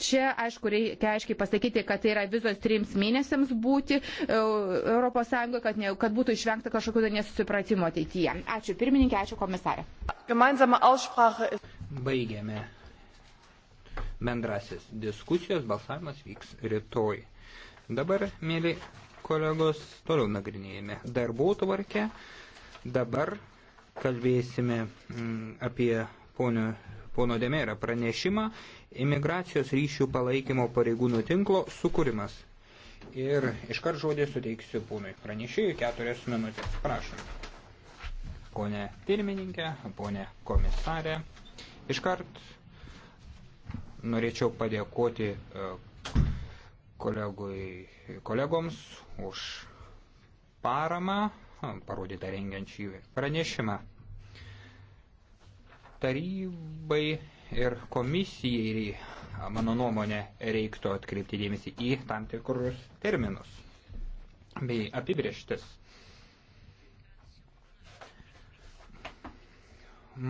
Čia, aišku, reikia aiškiai pasakyti, kad tai yra vizos trims mėnesiams būti ES, kad, ne, kad būtų išvengta kažkokių tai nesusipratimo ateityje. Ačiū pirmininkė, ačiū komisarė. Baigėme bendrasis diskusijos, balsavimas vyks rytoj. Dabar, mėly kolegos, toliau nagrinėjame darbų tvarkę. Dabar kalbėsime mm, apie ponio pono Demera pranešimą imigracijos ryšių palaikymo pareigūnų tinklo sukūrimas. Ir iškart žodį suteiksiu ponui pranešėjui keturias minutės. Prašom. Pone pirmininkė, pone komisarė, iškart norėčiau padėkoti e, kolegui, kolegoms už paramą parodytą rengiant šį pranešimą tarybai ir komisijai, mano nuomonė, reiktų atkreipti dėmesį į tam tikrus terminus bei apibrieštis.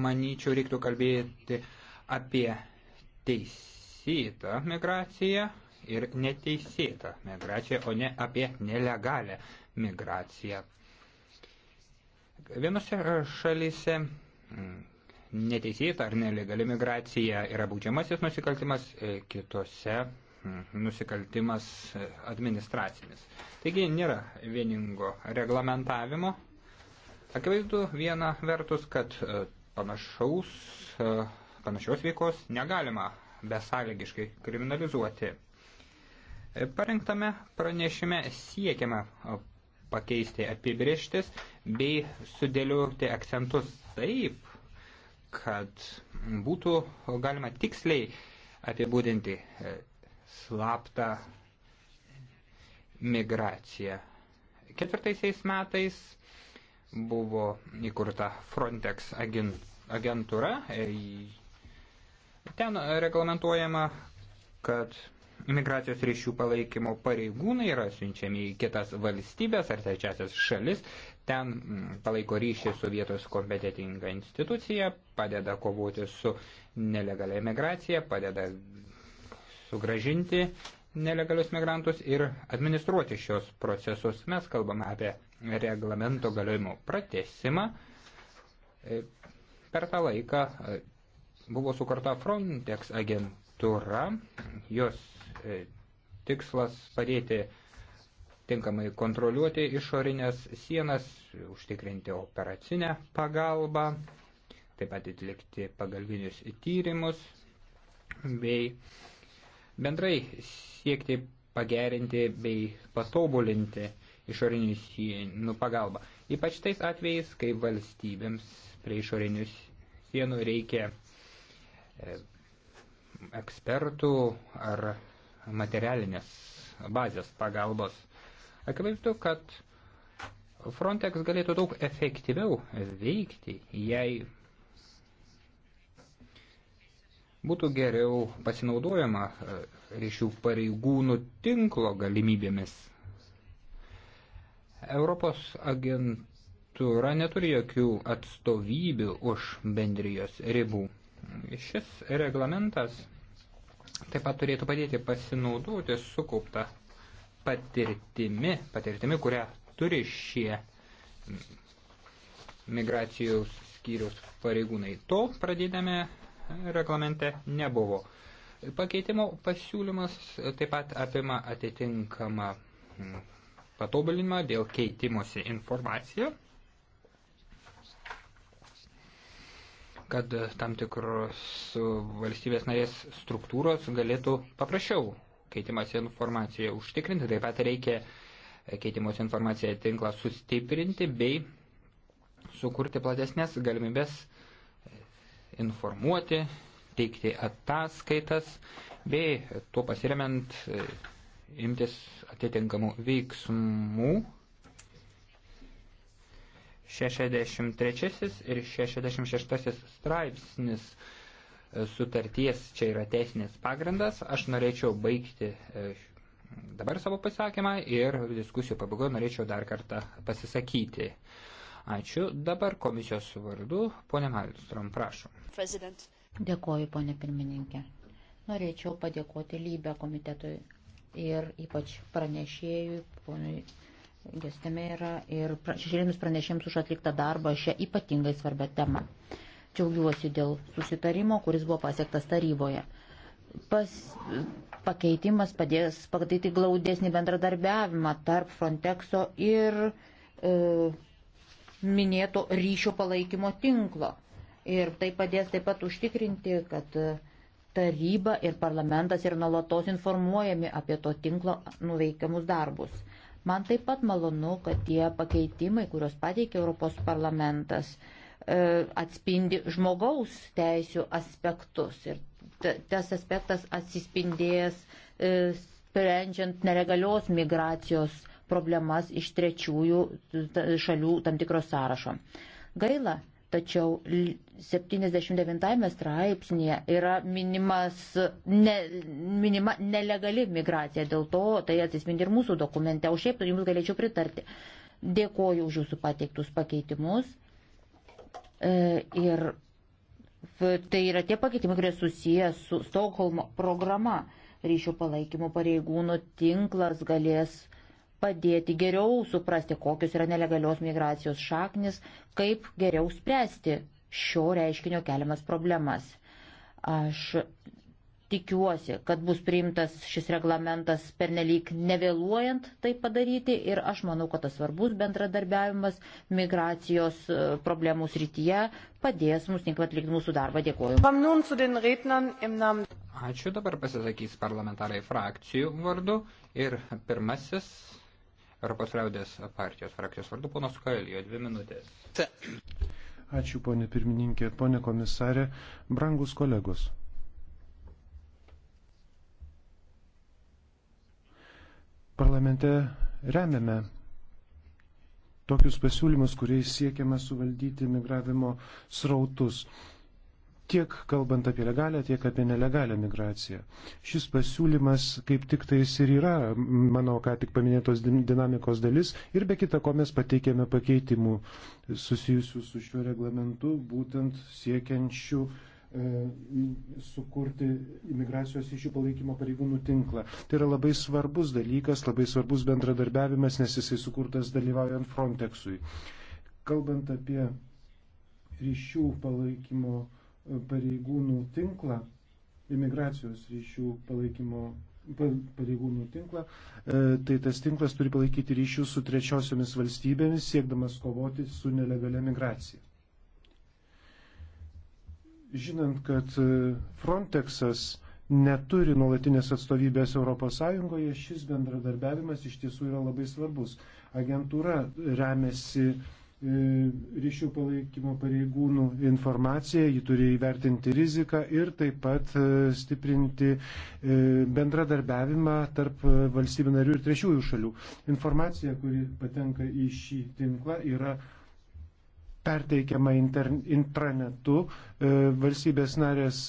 Manyčiau, reiktų kalbėti apie teisėtą migraciją ir neteisėtą migraciją, o ne apie nelegalę migraciją. Vienose šalyse mm, neteisėta ar nelegali migracija yra baudžiamasis nusikaltimas, e, kitose nusikaltimas e, administracinis. Taigi nėra vieningo reglamentavimo. Akivaizdu viena vertus, kad e, panašaus, panašios veikos negalima besąlygiškai kriminalizuoti. Parengtame pranešime siekiame pakeisti apibrieštis bei sudėlioti akcentus taip, kad būtų galima tiksliai apibūdinti e, slaptą migraciją. Ketvirtaisiais metais buvo įkurta Frontex agentūra. E, ten reglamentuojama, kad Imigracijos ryšių palaikymo pareigūnai yra siunčiami į kitas valstybės ar trečiasias šalis, ten mm, palaiko ryšį su vietos kompetitinga institucija, padeda kovoti su nelegalia imigracija, padeda sugražinti nelegalius migrantus ir administruoti šios procesus. Mes kalbame apie reglamento galiojimo pratesimą. E, per tą laiką e, buvo sukurta Frontex agentūra, jos E, tikslas padėti tinkamai kontroliuoti išorinės sienas, užtikrinti operacinę pagalbą, taip pat atlikti pagalbinius tyrimus bei bendrai siekti pagerinti bei patobulinti išorinių sienų pagalbą. Ypač tais atvejais, kai valstybėms prie išorinių sienų reikia e, ekspertų ar materialinės bazės pagalbos. Akivaizdu, kad Frontex galėtų daug efektyviau veikti, jei būtų geriau pasinaudojama e, ryšių pareigūnų tinklo galimybėmis. Europos agentūra neturi jokių atstovybių už bendrijos ribų. Šis reglamentas taip pat turėtų padėti pasinaudoti sukauptą patirtimi, patirtimi, kurią turi šie migracijos skyriaus pareigūnai. To pradėdame reglamente nebuvo. Pakeitimo pasiūlymas taip pat apima atitinkamą patobulinimą dėl keitimosi informaciją kad tam tikros valstybės narės struktūros galėtų paprasčiau keitimas informaciją užtikrinti. Taip pat reikia keitimos informaciją tinklą sustiprinti bei sukurti platesnės galimybės informuoti, teikti ataskaitas bei tuo pasiremiant imtis atitinkamų veiksmų 63 ir 66 straipsnis sutarties čia yra teisinis pagrindas. Aš norėčiau baigti e, dabar savo pasakymą ir diskusijų pabaigoje norėčiau dar kartą pasisakyti. Ačiū. Dabar komisijos vardu, ponė Malstrom, prašom. President. Dėkoju, ponė pirmininkė. Norėčiau padėkoti lybę komitetui ir ypač pranešėjui, ponui Gestame yra ir šešėlėmis pranešėms už atliktą darbą šią ypatingai svarbę temą. Džiaugiuosi dėl susitarimo, kuris buvo pasiektas taryboje. Pas, pakeitimas padės padaryti glaudesnį bendradarbiavimą tarp Frontexo ir e, minėto ryšio palaikymo tinklo. Ir tai padės taip pat užtikrinti, kad e, taryba ir parlamentas ir nuolatos informuojami apie to tinklo nuveikiamus darbus. Man taip pat malonu, kad tie pakeitimai, kuriuos pateikė Europos parlamentas, e, atspindi žmogaus teisų aspektus. Ir tas aspektas atsispindėjęs e, sprendžiant nelegalios migracijos problemas iš trečiųjų šalių tam tikros sąrašo. Gaila, Tačiau 79 straipsnėje yra minimas, ne, minima nelegali migracija, dėl to tai atsispindi ir mūsų dokumente, o šiaip jums galėčiau pritarti. Dėkoju už jūsų pateiktus pakeitimus. E, ir tai yra tie pakeitimai, kurie susiję su Stokholmo programa. Ryšių palaikymo pareigūnų tinklas galės padėti geriau suprasti, kokius yra nelegalios migracijos šaknis, kaip geriau spręsti šio reiškinio keliamas problemas. Aš tikiuosi, kad bus priimtas šis reglamentas pernelyg nevėluojant tai padaryti ir aš manau, kad tas svarbus bendradarbiavimas migracijos e, problemų srityje padės mums tinkamai atlikti mūsų darbą. Dėkuoju. Ačiū, dabar pasisakys parlamentarai frakcijų vardu ir pirmasis Europos liaudės partijos frakcijos vardu, ponas Kailijo, dvi minutės. Ačiū, ponė pirmininkė, ponė komisarė, brangus kolegos. Parlamente remiame tokius pasiūlymus, kuriais siekiama suvaldyti migravimo srautus tiek kalbant apie legalę, tiek apie nelegalią migraciją. Šis pasiūlymas kaip tik tais ir yra, manau, ką tik paminėtos dinamikos dalis ir be kita ko mes pateikėme pakeitimų susijusių su šiuo reglamentu, būtent siekiančių e, sukurti imigracijos iš jų palaikymo pareigūnų tinklą. Tai yra labai svarbus dalykas, labai svarbus bendradarbiavimas, nes jisai sukurtas dalyvaujant Frontexui. Kalbant apie ryšių palaikymo pareigūnų tinklą, imigracijos ryšių palaikymo pareigūnų tinklą, e, tai tas tinklas turi palaikyti ryšius su trečiosiomis valstybėmis, siekdamas kovoti su nelegalia migracija. Žinant, kad e, Frontexas neturi nuolatinės atstovybės ES, šis bendradarbiavimas iš tiesų yra labai svarbus. Agentūra remiasi E, ryšių palaikymo pareigūnų informaciją, ji turi įvertinti riziką ir taip pat e, stiprinti e, bendradarbiavimą tarp valstybių narių ir trečiųjų šalių. Informacija, kuri patenka į šį tinklą, yra perteikiama intranetu, valstybės narės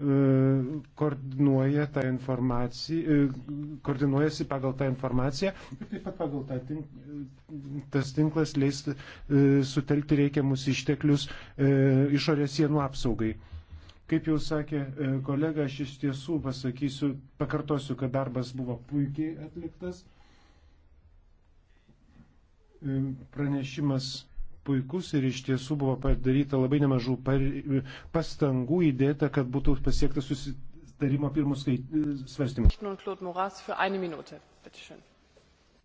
E, koordinuoja tą informaciją, e, koordinuojasi pagal tą informaciją ir taip pat pagal tą tink, tas tinklas leis e, sutelkti reikiamus išteklius išorės sienų apsaugai. Kaip jau sakė kolega, aš iš tiesų pasakysiu, pakartosiu, kad darbas buvo puikiai atliktas. Pranešimas puikus ir iš tiesų buvo padaryta labai nemažų pastangų įdėta, kad būtų pasiektas susitarimo pirmus svarstymus.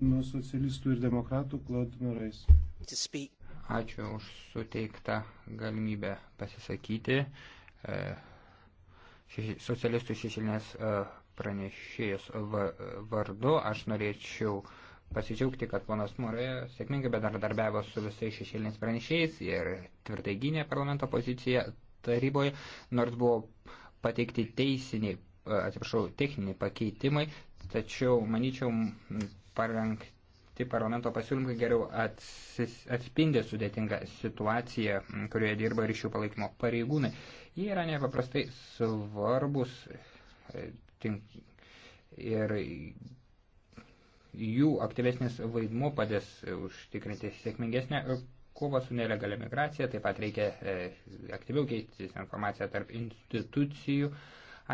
Nuo socialistų ir demokratų Claude Morais. Ačiū už suteiktą galimybę pasisakyti. E, socialistų šešinės e, pranešėjus vardu aš norėčiau uh, pasidžiaugti, kad ponas Mūrė sėkmingai bedardarbiavo su visais šešėliniais pranešėjais ir tvirtai gynė parlamento poziciją taryboje, nors buvo pateikti teisiniai, atsiprašau, techniniai pakeitimai, tačiau, manyčiau, parengti tai parlamento pasiūlymai geriau atsis, atspindė sudėtingą situaciją, kurioje dirba ryšių palaikymo pareigūnai. Jie yra nepaprastai svarbus e, tink, ir jų aktyvesnis vaidmuo padės užtikrinti sėkmingesnę kovą su nelegalia migracija, taip pat reikia e, aktyviau keistis informaciją tarp institucijų.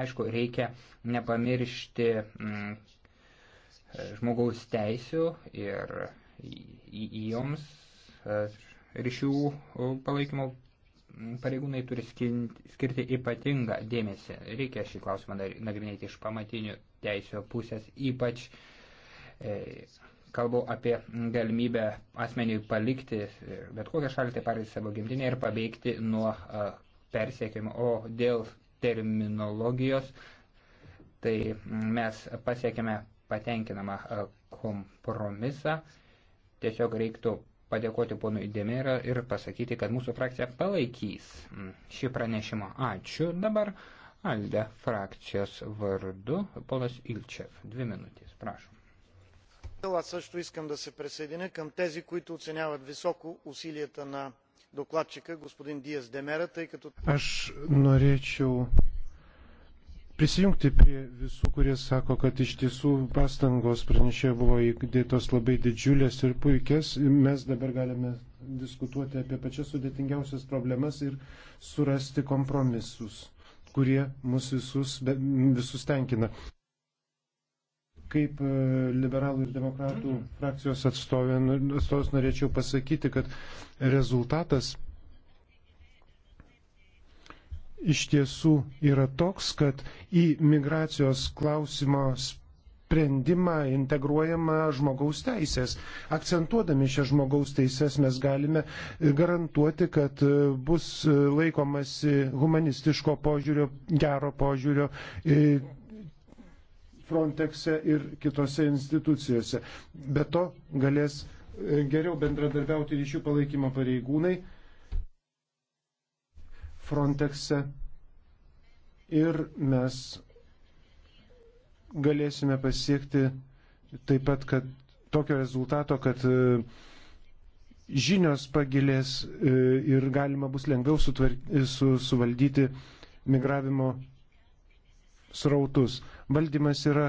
Aišku, reikia nepamiršti m, mm, e, žmogaus teisių ir joms e, ryšių palaikymo pareigūnai turi skirti ypatingą dėmesį. Reikia šį klausimą nagrinėti iš pamatinių teisio pusės, ypač uh, E, kalbu apie galimybę asmeniui palikti e, bet kokią šalį, tai pavyzdžiui savo gimtinę ir paveikti nuo e, persiekimo. O dėl terminologijos, tai mes pasiekėme patenkinamą kompromisą. Tiesiog reiktų padėkoti ponui Demirą ir pasakyti, kad mūsų frakcija palaikys šį pranešimą. Ačiū. Dabar Alde frakcijos vardu ponas Ilčev. Dvi minutės, prašom аз също искам да се присъединя към тези които оценяват високо усилията на докладчика господин Диас Демера, тъй като... Aš norėčiau prisijungti prie visų, kurie sako, kad iš tiesų pastangos pranešėjo buvo įdėtos labai didžiulės ir puikias. Mes dabar galime diskutuoti apie pačias sudėtingiausias problemas ir surasti kompromisus, kurie mus visus, visus tenkina. Kaip e, liberalų ir demokratų mhm. frakcijos atstovė, nu, atstovas norėčiau pasakyti, kad rezultatas iš tiesų yra toks, kad į migracijos klausimo sprendimą integruojama žmogaus teisės. Akcentuodami šią žmogaus teisės mes galime garantuoti, kad e, bus e, laikomasi humanistiško požiūrio, gero požiūrio Frontexe ir kitose institucijose. Be to galės e, geriau bendradarbiauti ryšių palaikymo pareigūnai Frontexe ir mes galėsime pasiekti taip pat, kad tokio rezultato, kad e, žinios pagilės e, ir galima bus lengviau sutvark, su, suvaldyti migravimo srautus. Valdymas yra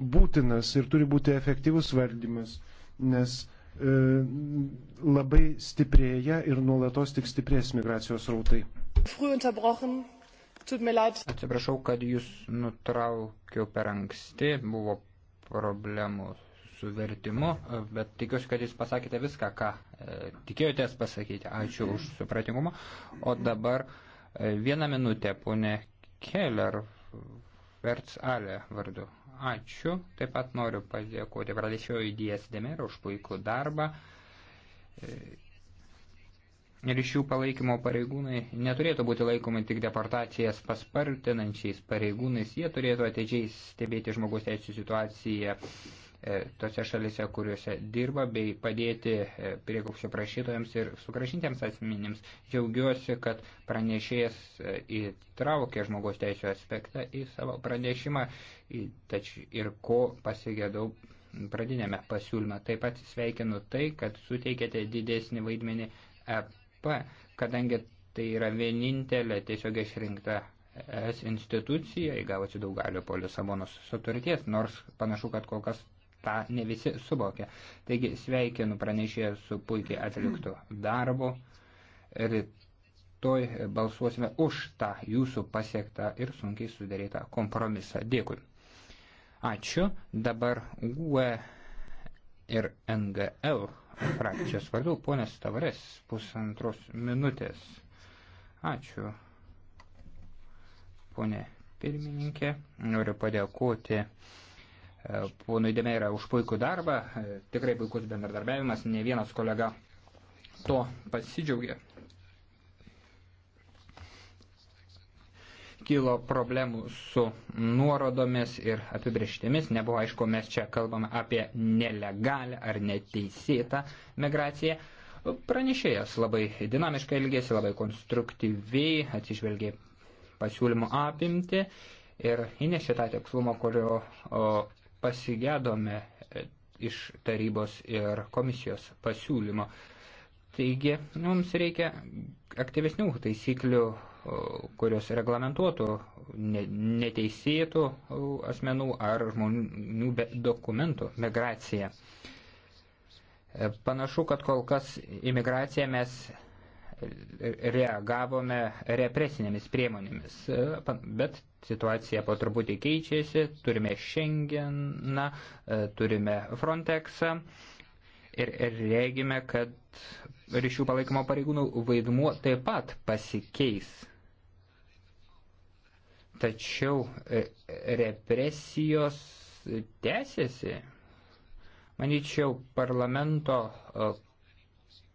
būtinas ir turi būti efektyvus valdymas, nes e, labai stiprėja ir nuolatos tik stiprės migracijos srautai. Atsiprašau, kad jūs nutraukiau per anksti, buvo problemų su vertimu, e, bet tikiuosi, kad jūs pasakėte viską, ką e, tikėjotės pasakyti. Ačiū už supratingumą. O dabar e, vieną minutę, ponė Keller, Verts Ale vardu. Ačiū. Taip pat noriu padėkoti pradėšioju Dijas Demer už puikų darbą. Ryšių palaikymo pareigūnai neturėtų būti laikomi tik deportacijas paspartinančiais pareigūnais, jie turėtų atidžiai stebėti žmogus teisų situaciją E, tose šalise, kuriuose dirba, bei padėti e, prieglobščio prašytojams ir sugražintiems asmenims. Džiaugiuosi, kad pranešėjas e, įtraukė žmogaus teisų aspektą į savo pranešimą tač, ir ko pasigėdau pradinėme pasiūlyme. Taip pat sveikinu tai, kad suteikėte didesnį vaidmenį EP, kadangi tai yra vienintelė tiesiog išrinkta es institucija, įgavusi daug galio po Lisabonos sutarties, nors panašu, kad kol kas tą ne visi suvokia. Taigi sveikinu pranešėją su puikiai atliktu darbu. Rytoj balsuosime už tą jūsų pasiektą ir sunkiai sudarytą kompromisą. Dėkui. Ačiū. Dabar UE ir NGL frakcijos vardu ponas Tavarės pusantros minutės. Ačiū. Pone pirmininkė, noriu padėkoti E, ponui Demeira už puikų darbą, e, tikrai puikus bendradarbiavimas, ne vienas kolega to pasidžiaugia. Kilo problemų su nuorodomis ir apibrieštimis, nebuvo aišku, mes čia kalbame apie nelegalę ar neteisėtą migraciją. Pranešėjas labai dinamiškai elgėsi, labai konstruktyviai atsižvelgė pasiūlymo apimti ir įnešė tą tikslumą, kurio o, pasigėdome e, iš tarybos ir komisijos pasiūlymo. Taigi, mums reikia aktyvesnių taisyklių, kurios reglamentuotų neteisėtų asmenų ar žmonių be dokumentų migraciją. E, panašu, kad kol kas imigraciją mes reagavome represinėmis priemonėmis, e, bet situacija po truputį keičiasi, turime Schengeną, e, turime Frontexą ir regime, kad ryšių palaikymo pareigūnų vaidmuo taip pat pasikeis. Tačiau e, represijos tęsiasi. Manyčiau, parlamento e,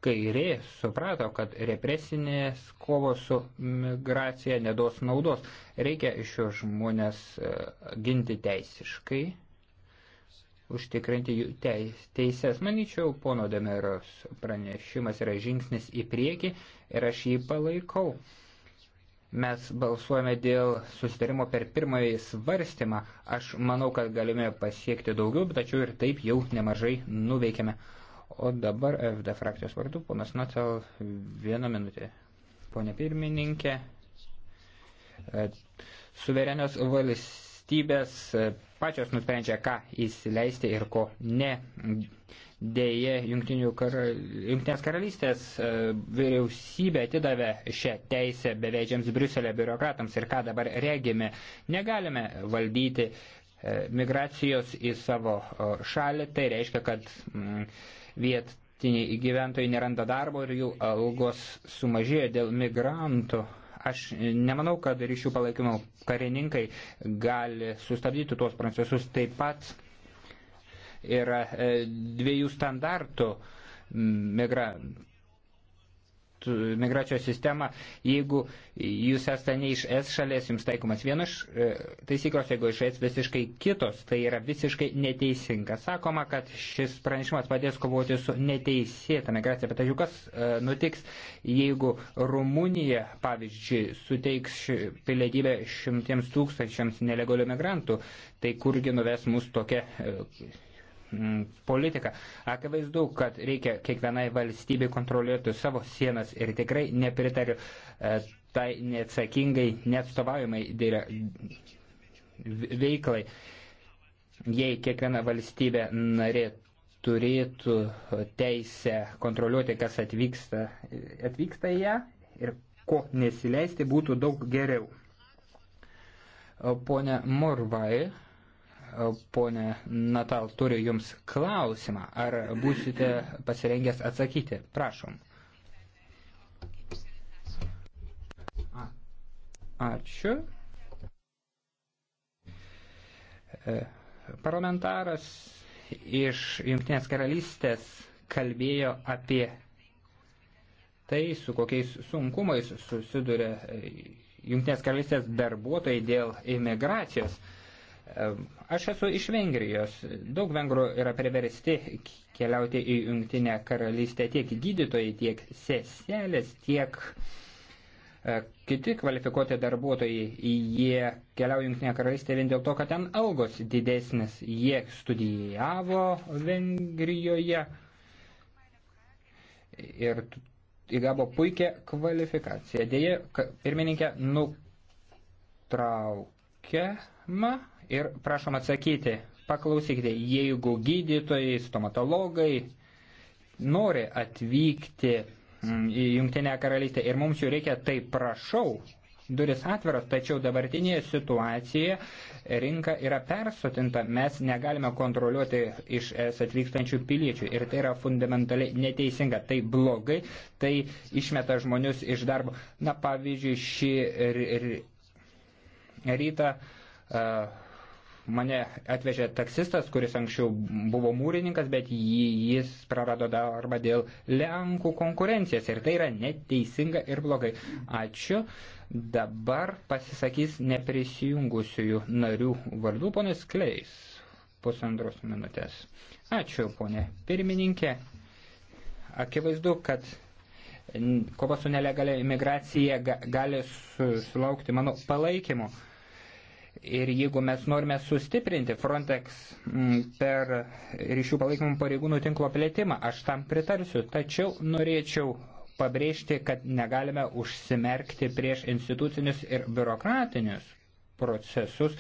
kairė suprato, kad represinės kovos su migracija nedos naudos. Reikia šios žmonės e, ginti teisiškai, užtikrinti jų teises. Manyčiau, pono Demeros pranešimas yra žingsnis į priekį ir aš jį palaikau. Mes balsuojame dėl susitarimo per pirmąjį svarstymą. Aš manau, kad galime pasiekti daugiau, tačiau ir taip jau nemažai nuveikėme. O dabar FD frakcijos vardu, ponas Nocel, vieną minutę. Pone pirmininkė, e, suverenios valstybės e, pačios nusprendžia, ką įsileisti ir ko ne. Deja, kar... Junktinės karalystės e, vyriausybė atidavė šią teisę beveidžiams Briuselio biurokratams ir ką dabar regime, negalime valdyti migracijos į savo šalį. Tai reiškia, kad mm, vietiniai gyventojai neranda darbo ir jų algos sumažėjo dėl migrantų. Aš nemanau, kad ryšių palaikymo karininkai gali sustabdyti tuos procesus. Taip pat yra e, dviejų standartų migra migracijos sistemą, jeigu jūs esate ne iš S šalies, jums taikomas vienas e, taisyklos, jeigu iš S visiškai kitos, tai yra visiškai neteisinga. Sakoma, kad šis pranešimas padės kovoti su neteisėta migracija, bet tačiau kas e, nutiks, jeigu Rumunija, pavyzdžiui, suteiks pilietybę šimtiems tūkstančiams nelegalių migrantų, tai kurgi nuves mūsų tokia e, Mm, politiką. Akivaizdu, kad reikia kiekvienai valstybei kontroliuoti savo sienas ir tikrai nepritariu e, tai neatsakingai, neatstovaujamai veiklai. Jei kiekviena valstybė narė turėtų teisę kontroliuoti, kas atvyksta, atvyksta į ją ir ko nesileisti, būtų daug geriau. Pone Morvai, ponė Natal, turiu Jums klausimą. Ar būsite pasirengęs atsakyti? Prašom. Ačiū. E, parlamentaras iš Junktinės karalystės kalbėjo apie tai, su kokiais sunkumais susiduria Junktinės karalystės darbuotojai dėl imigracijos. Aš esu iš Vengrijos. Daug vengrų yra priversti keliauti į Junktinę karalystę tiek gydytojai, tiek seselės, tiek e, kiti kvalifikuoti darbuotojai. Jie keliauja Junktinę karalystę vien dėl to, kad ten algos didesnis. Jie studijavo Vengrijoje ir įgavo puikią kvalifikaciją. Dėja, pirmininkė nutraukė. Ma, Ir prašom atsakyti, paklausykite, jeigu gydytojai, stomatologai nori atvykti mm, į Jungtinę karalystę ir mums jų reikia, tai prašau, duris atviras, tačiau dabartinėje situacijoje rinka yra persotinta, mes negalime kontroliuoti iš es atvykstančių piliečių ir tai yra fundamentaliai neteisinga, tai blogai, tai išmeta žmonius iš darbo. Na, pavyzdžiui, šį rytą uh, mane atvežė taksistas, kuris anksčiau buvo mūrininkas, bet jį, jis prarado darbą dėl Lenkų konkurencijos ir tai yra neteisinga ir blogai. Ačiū. Dabar pasisakys neprisijungusiųjų narių vardų ponas Kleis. Pusantros minutės. Ačiū, ponė pirmininkė. Akivaizdu, kad kova su nelegalia imigracija gali sulaukti mano palaikymo. Ir jeigu mes norime sustiprinti Frontex mm, per ryšių palaikymų pareigūnų tinklo plėtimą, aš tam pritarsiu, tačiau norėčiau pabrėžti, kad negalime užsimerkti prieš institucinius ir biurokratinius procesus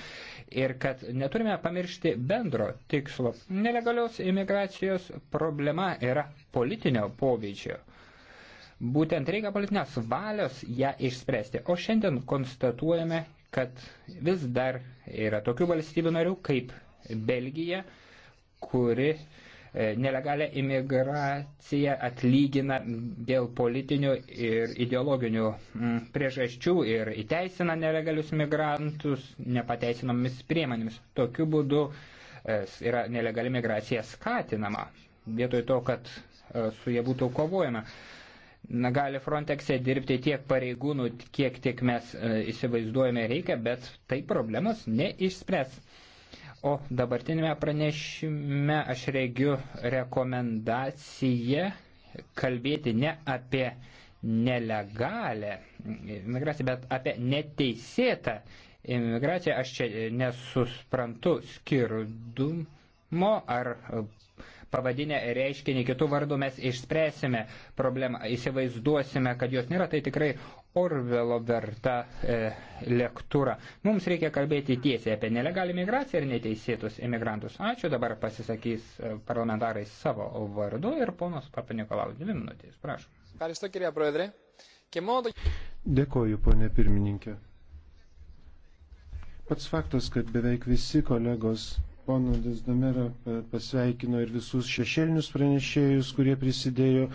ir kad neturime pamiršti bendro tikslo. Nelegalios imigracijos problema yra politinio poveikio. Būtent reikia politinės valios ją išspręsti. O šiandien konstatuojame, kad vis dar yra tokių valstybių narių kaip Belgija, kuri e, nelegalią imigraciją atlygina dėl politinių ir ideologinių mm, priežasčių ir įteisina nelegalius migrantus nepateisinomis priemonėmis. Tokiu būdu e, yra nelegali migracija skatinama, vietoj to, kad e, su jie būtų kovojama. Na, gali Frontexe dirbti tiek pareigūnų, kiek tik mes e, įsivaizduojame reikia, bet tai problemos neišspręs. O dabartinėme pranešime aš regiu rekomendaciją kalbėti ne apie nelegalę imigraciją, bet apie neteisėtą imigraciją. Aš čia nesuprantu skirdumo ar pavadinę reiškinį kitų vardų mes išspręsime problemą, įsivaizduosime, kad jos nėra, tai tikrai Orvelo verta e, lektūra. Mums reikia kalbėti tiesiai apie nelegalią migraciją ir neteisėtus imigrantus. Ačiū, dabar pasisakys e, parlamentarai savo vardu ir ponas Papanikolau, dvi minutės, prašom. Karisto, kirie proedrė. Dėkoju, ponė pirmininkė. Pats faktas, kad beveik visi kolegos pono Dizdomero pasveikino ir visus šešėlinius pranešėjus, kurie prisidėjo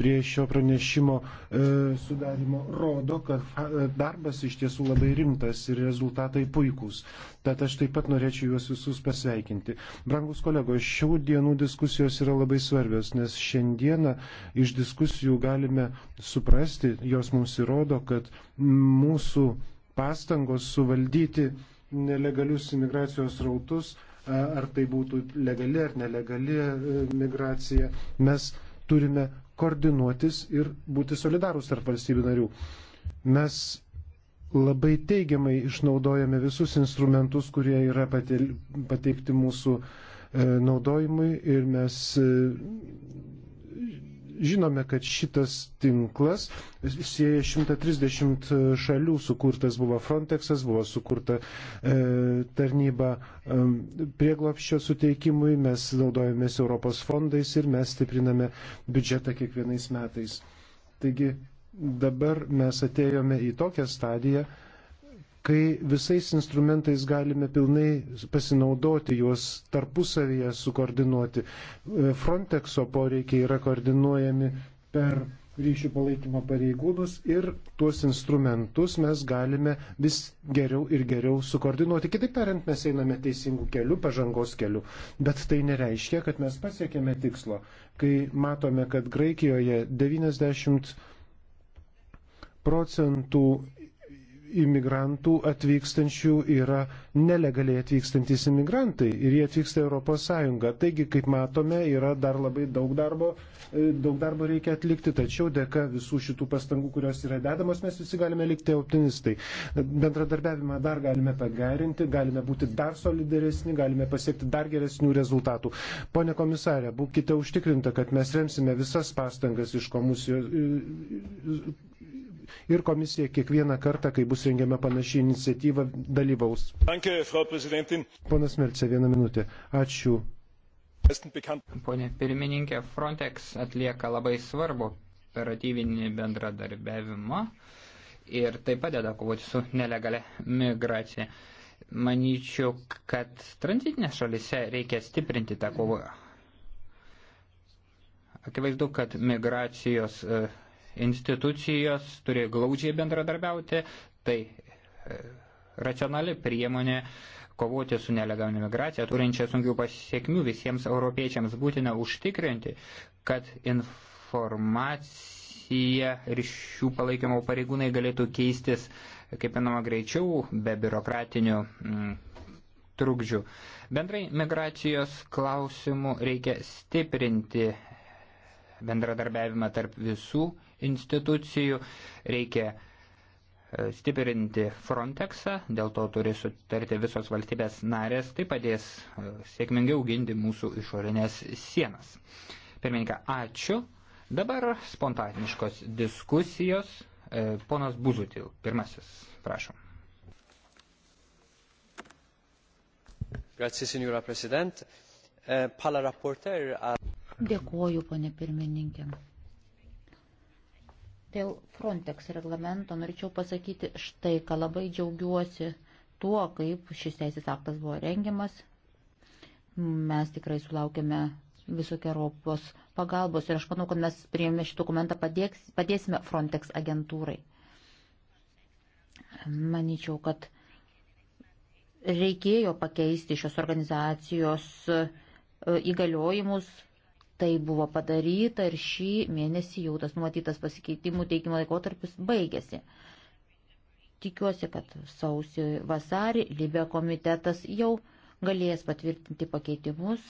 prie šio pranešimo e, sudarimo, rodo, kad e, darbas iš tiesų labai rimtas ir rezultatai puikūs. Tad aš taip pat norėčiau juos visus pasveikinti. Brangus kolegos, šių dienų diskusijos yra labai svarbios, nes šiandieną iš diskusijų galime suprasti, jos mums įrodo, kad mūsų pastangos suvaldyti nelegalius imigracijos rautus ar tai būtų legali ar nelegali migracija. Mes turime koordinuotis ir būti solidarūs tarp valstybių narių. Mes labai teigiamai išnaudojame visus instrumentus, kurie yra pateikti mūsų e, naudojimui ir mes e, Žinome, kad šitas tinklas sieja 130 šalių, sukurtas buvo Frontexas, buvo sukurta e, tarnyba e, prieglopščio suteikimui, mes naudojamės Europos fondais ir mes stipriname biudžetą kiekvienais metais. Taigi dabar mes atėjome į tokią stadiją, kai visais instrumentais galime pilnai pasinaudoti, juos tarpusavyje sukoordinuoti. E, Frontexo poreikiai yra koordinuojami per ryšių palaikymo pareigūnus ir tuos instrumentus mes galime vis geriau ir geriau sukoordinuoti. Kitaip tariant, mes einame teisingų kelių, pažangos kelių. Bet tai nereiškia, kad mes pasiekėme tikslo. Kai matome, kad Graikijoje 90 procentų imigrantų atvykstančių yra nelegaliai atvykstantis imigrantai ir jie atvyksta Europos Sąjungą. Taigi, kaip matome, yra dar labai daug darbo, e, daug darbo reikia atlikti, tačiau dėka visų šitų pastangų, kurios yra dedamos, mes visi galime likti optimistai. Bendradarbiavimą dar galime pagerinti, galime būti dar solidaresni, galime pasiekti dar geresnių rezultatų. Pone komisarė, būkite užtikrinta, kad mes remsime visas pastangas iš komisijos e, ir komisija kiekvieną kartą, kai bus rengiama panaši iniciatyva, dalyvaus. Danke, Ponas Melce, vieną minutę. Ačiū. Pone pirmininkė, Frontex atlieka labai svarbu operatyvinį bendradarbiavimą ir tai padeda kovoti su nelegale migracija. Manyčiau, kad tranzitinės šalise reikia stiprinti tą kovą. Akivaizdu, kad migracijos uh, institucijos turi glaudžiai bendradarbiauti, tai e, racionali priemonė kovoti su nelegalinė migracija, turinčia sunkių pasiekmių visiems europiečiams būtina užtikrinti, kad informacija ryšių palaikymo pareigūnai galėtų keistis kaip įmanoma greičiau, be biurokratinių mm, trukdžių. Bendrai migracijos klausimų reikia stiprinti bendradarbiavimą tarp visų institucijų, reikia e, stiprinti Frontexą, dėl to turi sutarti visos valstybės narės, tai padės e, sėkmingiau ginti mūsų išorinės sienas. Pirmininką, ačiū. Dabar spontaniškos diskusijos. E, ponas Buzutil, pirmasis, prašom. Grazie, signora Presidente. Pala raporter. Dėkuoju, ponė pirmininkė. Dėl Frontex reglamento norėčiau pasakyti štai, ką labai džiaugiuosi tuo, kaip šis teisės aktas buvo rengiamas. Mes tikrai sulaukėme visokieropos pagalbos ir aš manau, kad mes priėmėme šį dokumentą padėks, padėsime Frontex agentūrai. Manyčiau, kad reikėjo pakeisti šios organizacijos e, įgaliojimus Tai buvo padaryta ir šį mėnesį jau tas numatytas pasikeitimų teikimo laikotarpis baigėsi. Tikiuosi, kad sausį vasarį Libė komitetas jau galės patvirtinti pakeitimus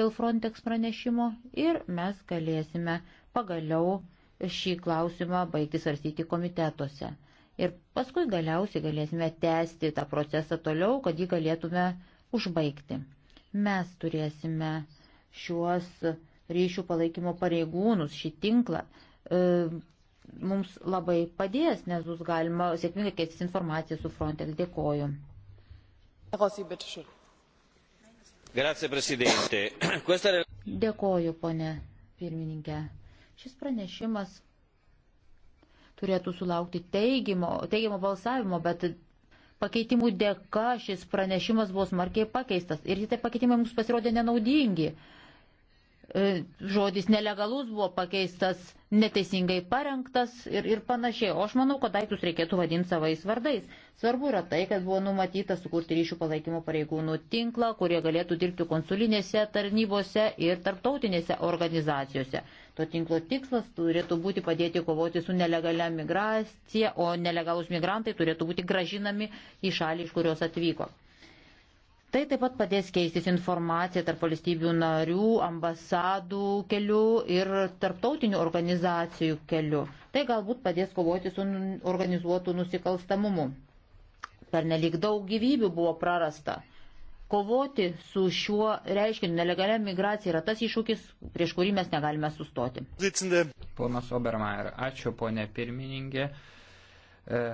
dėl Frontex pranešimo ir mes galėsime pagaliau šį klausimą baigti svarstyti komitetuose. Ir paskui galiausiai galėsime tęsti tą procesą toliau, kad jį galėtume užbaigti. Mes turėsime šiuos ryšių palaikymo pareigūnus, šį tinklą, e, mums labai padės, nes bus galima sėkmingai keistis informaciją su Frontex. Dėkoju. Dėkoju, ponė pirmininkė. Šis pranešimas turėtų sulaukti teigimo, teigimo balsavimo, bet pakeitimų dėka šis pranešimas buvo smarkiai pakeistas ir tie pakeitimai mums pasirodė nenaudingi. E, žodis nelegalus buvo pakeistas neteisingai parengtas ir, ir panašiai. O aš manau, kad daiktus reikėtų vadinti savais vardais. Svarbu yra tai, kad buvo numatyta sukurti ryšių palaikymo pareigūnų tinklą, kurie galėtų dirbti konsulinėse tarnybose ir tarptautinėse organizacijose. To tinklo tikslas turėtų būti padėti kovoti su nelegalia migracija, o nelegalus migrantai turėtų būti gražinami į šalį, iš kurios atvyko. Tai taip pat padės keistis informacija tarp valstybių narių, ambasadų keliu ir tarptautinių organizacijų keliu. Tai galbūt padės kovoti su nu-, organizuotu nusikalstamumu. Per nelik daug gyvybių buvo prarasta. Kovoti su šiuo reiškiniu nelegalia migracija yra tas iššūkis, prieš kurį mes negalime sustoti. Ponas Obermeier, ačiū ponė pirmininkė. E,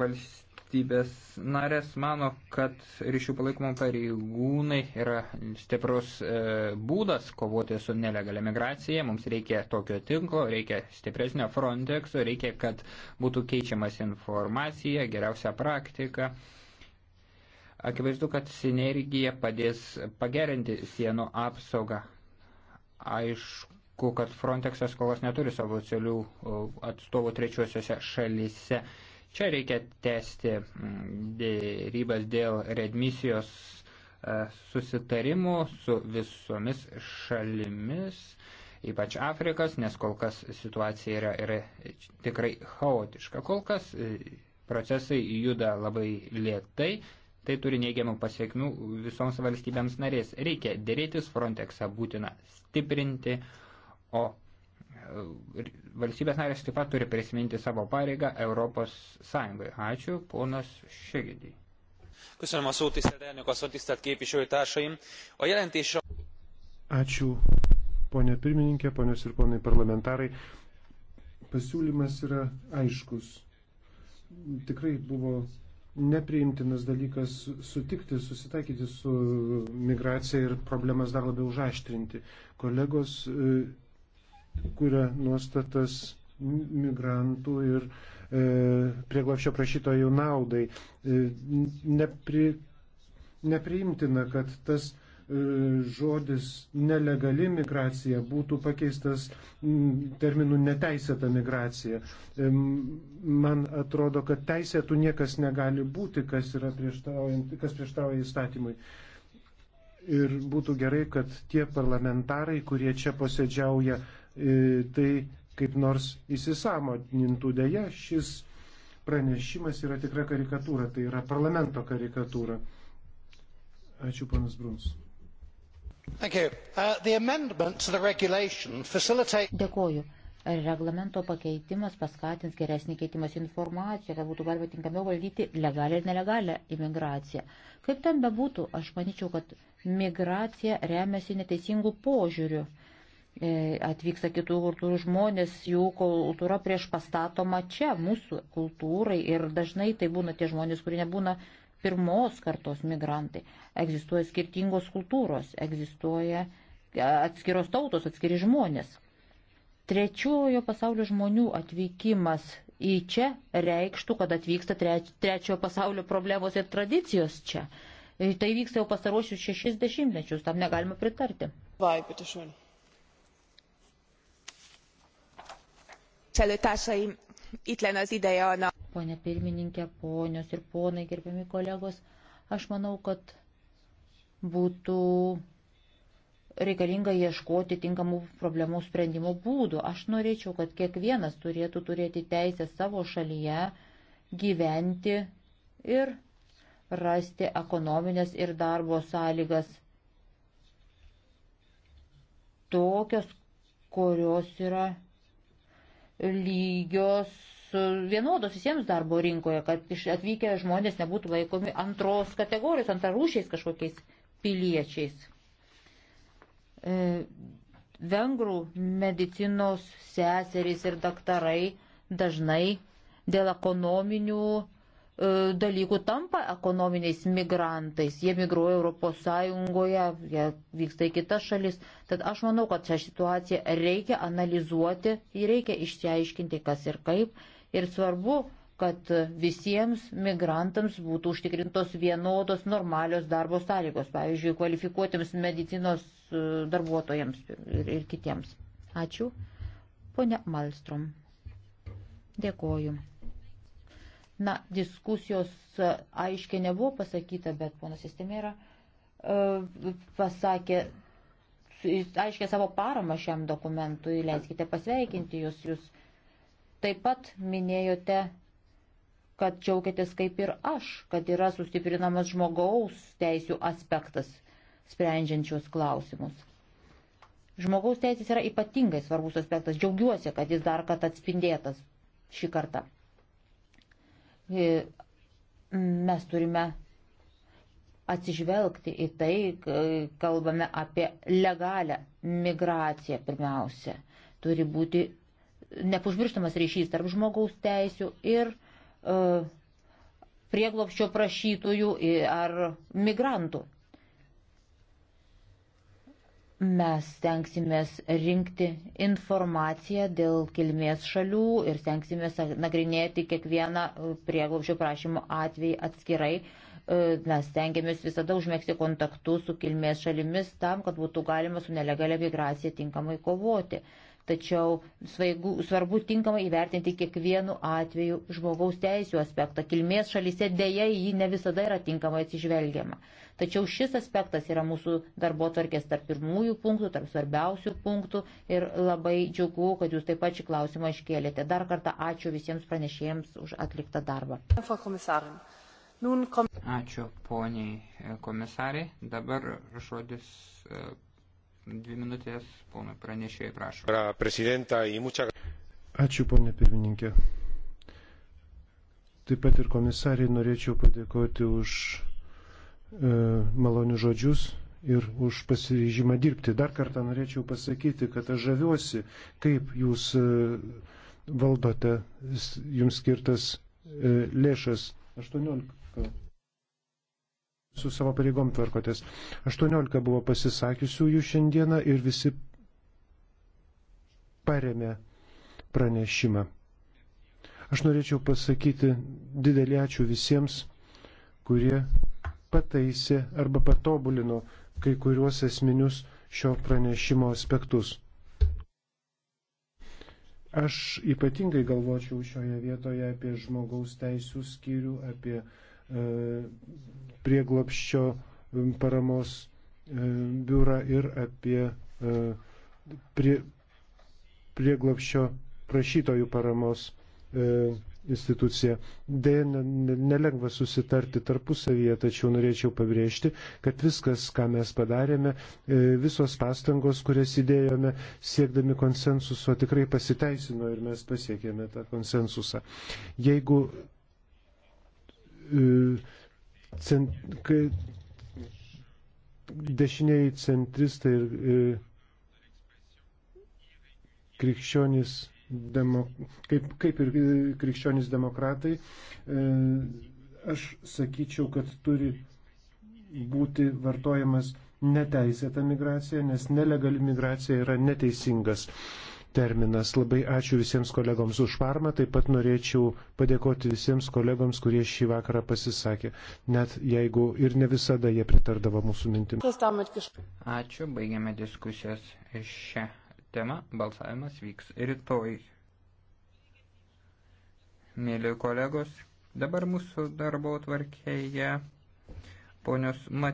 valst valstybės narės mano, kad ryšių palaikymo pareigūnai yra stiprus e, būdas kovoti su nelegalia migracija. Mums reikia tokio tinklo, reikia stipresnio Frontexo, reikia, kad būtų keičiamas informacija, geriausia praktika. Akivaizdu, kad sinergija padės pagerinti sienų apsaugą. Aišku, kad Frontexas kolas neturi savo celių atstovų trečiuosiuose šalyse. Čia reikia tęsti mm, dėrybas dėl redmisijos e, susitarimų su visomis šalimis, ypač Afrikas, nes kol kas situacija yra, yra tikrai chaotiška. Kol kas e, procesai juda labai lietai, tai turi neigiamų pasiekmių visoms valstybėms narės. Reikia dėrėtis, Frontexą būtina stiprinti, o valstybės narės taip pat turi prisiminti savo pareigą Europos Sąjungai. Ačiū, ponas Šegedį. Köszönöm a szót, tisztelt elnök asszony, tisztelt képviselőtársaim. A jelentésre... Ačiū, ponė pirmininkė, ponios ir ponai parlamentarai. Pasiūlymas yra aiškus. Tikrai buvo nepriimtinas dalykas sutikti, susitaikyti su migracija ir problemas dar labiau užaštrinti. Kolegos kuria nuostatas migrantų ir e, prieglapšio prašytojų naudai. E, nepri, nepriimtina, kad tas e, žodis nelegali migracija būtų pakeistas m, terminu neteisėta migracija. E, man atrodo, kad teisėtų niekas negali būti, kas, kas prieštrauja įstatymui. Ir būtų gerai, kad tie parlamentarai, kurie čia posėdžiauja, e, tai kaip nors įsisamonintų. Deja, šis pranešimas yra tikra karikatūra, tai yra parlamento karikatūra. Ačiū, panas Bruns. Uh, Dėkuoju. Reglamento pakeitimas paskatins geresnį keitimas informaciją, kad būtų galima tinkamiau valdyti legalią ir nelegalią imigraciją. Kaip ten bebūtų, aš manyčiau, kad migracija remiasi neteisingų požiūrių. E, atvyksta kitų kultūrų žmonės, jų kultūra prieš pastatoma čia, mūsų kultūrai ir dažnai tai būna tie žmonės, kurie nebūna pirmos kartos migrantai. Egzistuoja skirtingos kultūros, egzistuoja atskiros tautos, atskiri žmonės. Trečiojo pasaulio žmonių atvykimas į čia reikštų, kad atvyksta trečiojo pasaulio problemos ir tradicijos čia. Tai vyksta jau pastaruosius šešis dešimtmečius, tam negalima pritarti. Vai, bitte schön. Čelitāršai, itlenas ideja ona. Pone pirmininkė, ponios ir ponai, gerbiami kolegos, aš manau, kad būtų reikalinga ieškoti tinkamų problemų sprendimo būdų. Aš norėčiau, kad kiekvienas turėtų turėti teisę savo šalyje gyventi ir rasti ekonominės ir darbo sąlygas tokios, kurios yra lygios e, vienodos visiems darbo rinkoje, kad atvykę žmonės nebūtų laikomi antros kategorijos, antrarūšiais kažkokiais piliečiais. E, vengrų medicinos seserys ir daktarai dažnai dėl ekonominių E, dalykų tampa ekonominiais migrantais. Jie migruoja Europos Sąjungoje, jie vyksta į kitas šalis. Tad aš manau, kad šią situaciją reikia analizuoti, reikia išsiaiškinti, kas ir kaip. Ir svarbu, kad visiems migrantams būtų užtikrintos vienodos normalios darbo sąlygos, pavyzdžiui, kvalifikuotiems medicinos e, darbuotojams ir, ir kitiems. Ačiū. Pone Malstrom. Dėkoju. Na, diskusijos e, aiškiai nebuvo pasakyta, bet ponas Sistemėra e, pasakė aiškia savo paramą šiam dokumentui, leiskite pasveikinti jūs. Jūs taip pat minėjote, kad džiaugiatės kaip ir aš, kad yra sustiprinamas žmogaus teisų aspektas sprendžiančios klausimus. Žmogaus teisės yra ypatingai svarbus aspektas. Džiaugiuosi, kad jis dar kartą atspindėtas šį kartą. Mes turime atsižvelgti į tai, kalbame apie legalią migraciją pirmiausia. Turi būti nepužmirštamas ryšys tarp žmogaus teisių ir uh, e, prieglopščio prašytojų ar migrantų. Mes tenksimės rinkti informaciją dėl kilmės šalių ir tenksimės nagrinėti kiekvieną e, prieglobšio prašymo atvejį atskirai. E, mes tengiamės visada užmėgsti kontaktus su kilmės šalimis tam, kad būtų galima su nelegalia migracija tinkamai kovoti tačiau svaigu, svarbu tinkamai įvertinti kiekvienu atveju žmogaus teisų aspektą. Kilmės šalyse dėja į jį ne visada yra tinkamai atsižvelgiama. Tačiau šis aspektas yra mūsų darbo tvarkės tarp pirmųjų punktų, tarp svarbiausių punktų ir labai džiugu, kad jūs taip pat šį klausimą iškėlėte. Dar kartą ačiū visiems pranešėjams už atliktą darbą. Ačiū poniai komisarė. Dabar žodis e, Dvi minutės, ponui pranešėjai, prašau. Ačiū, ponė pirmininkė. Taip pat ir komisariai norėčiau padėkoti už e, malonių žodžius ir už pasiryžimą dirbti. Dar kartą norėčiau pasakyti, kad aš žaviuosi, kaip jūs e, valdote jums skirtas e, lėšas. 18 su savo pareigom tvarkotės. 18 buvo pasisakiusių jų šiandieną ir visi paremė pranešimą. Aš norėčiau pasakyti didelį ačiū visiems, kurie pataisė arba patobulino kai kuriuos esminius šio pranešimo aspektus. Aš ypatingai galvočiau šioje vietoje apie žmogaus teisų skyrių, apie E, prieglopščio paramos e, biurą ir apie e, prie, prieglopščio prašytojų paramos institucija. Deja, nelengva susitarti tarpusavyje, tačiau norėčiau pabrėžti, kad viskas, ką mes padarėme, visos pastangos, kurias įdėjome, siekdami konsensuso, tikrai pasiteisino ir mes pasiekėme tą konsensusą. Jeigu E, cent, kai dešiniai centristai ir, ir e, krikščionys, demo, kaip, kaip ir e, krikščionys demokratai, aš sakyčiau, kad turi būti vartojamas neteisėta migracija, nes nelegali migracija yra neteisingas terminas. Labai ačiū visiems kolegoms už parmą, taip pat norėčiau padėkoti visiems kolegoms, kurie šį vakarą pasisakė, net jeigu ir ne visada jie pritardavo mūsų mintims. Ačiū, baigiame diskusijas šią temą, balsavimas vyks rytoj. Mėly kolegos, dabar mūsų darbo tvarkėje ponios Mat.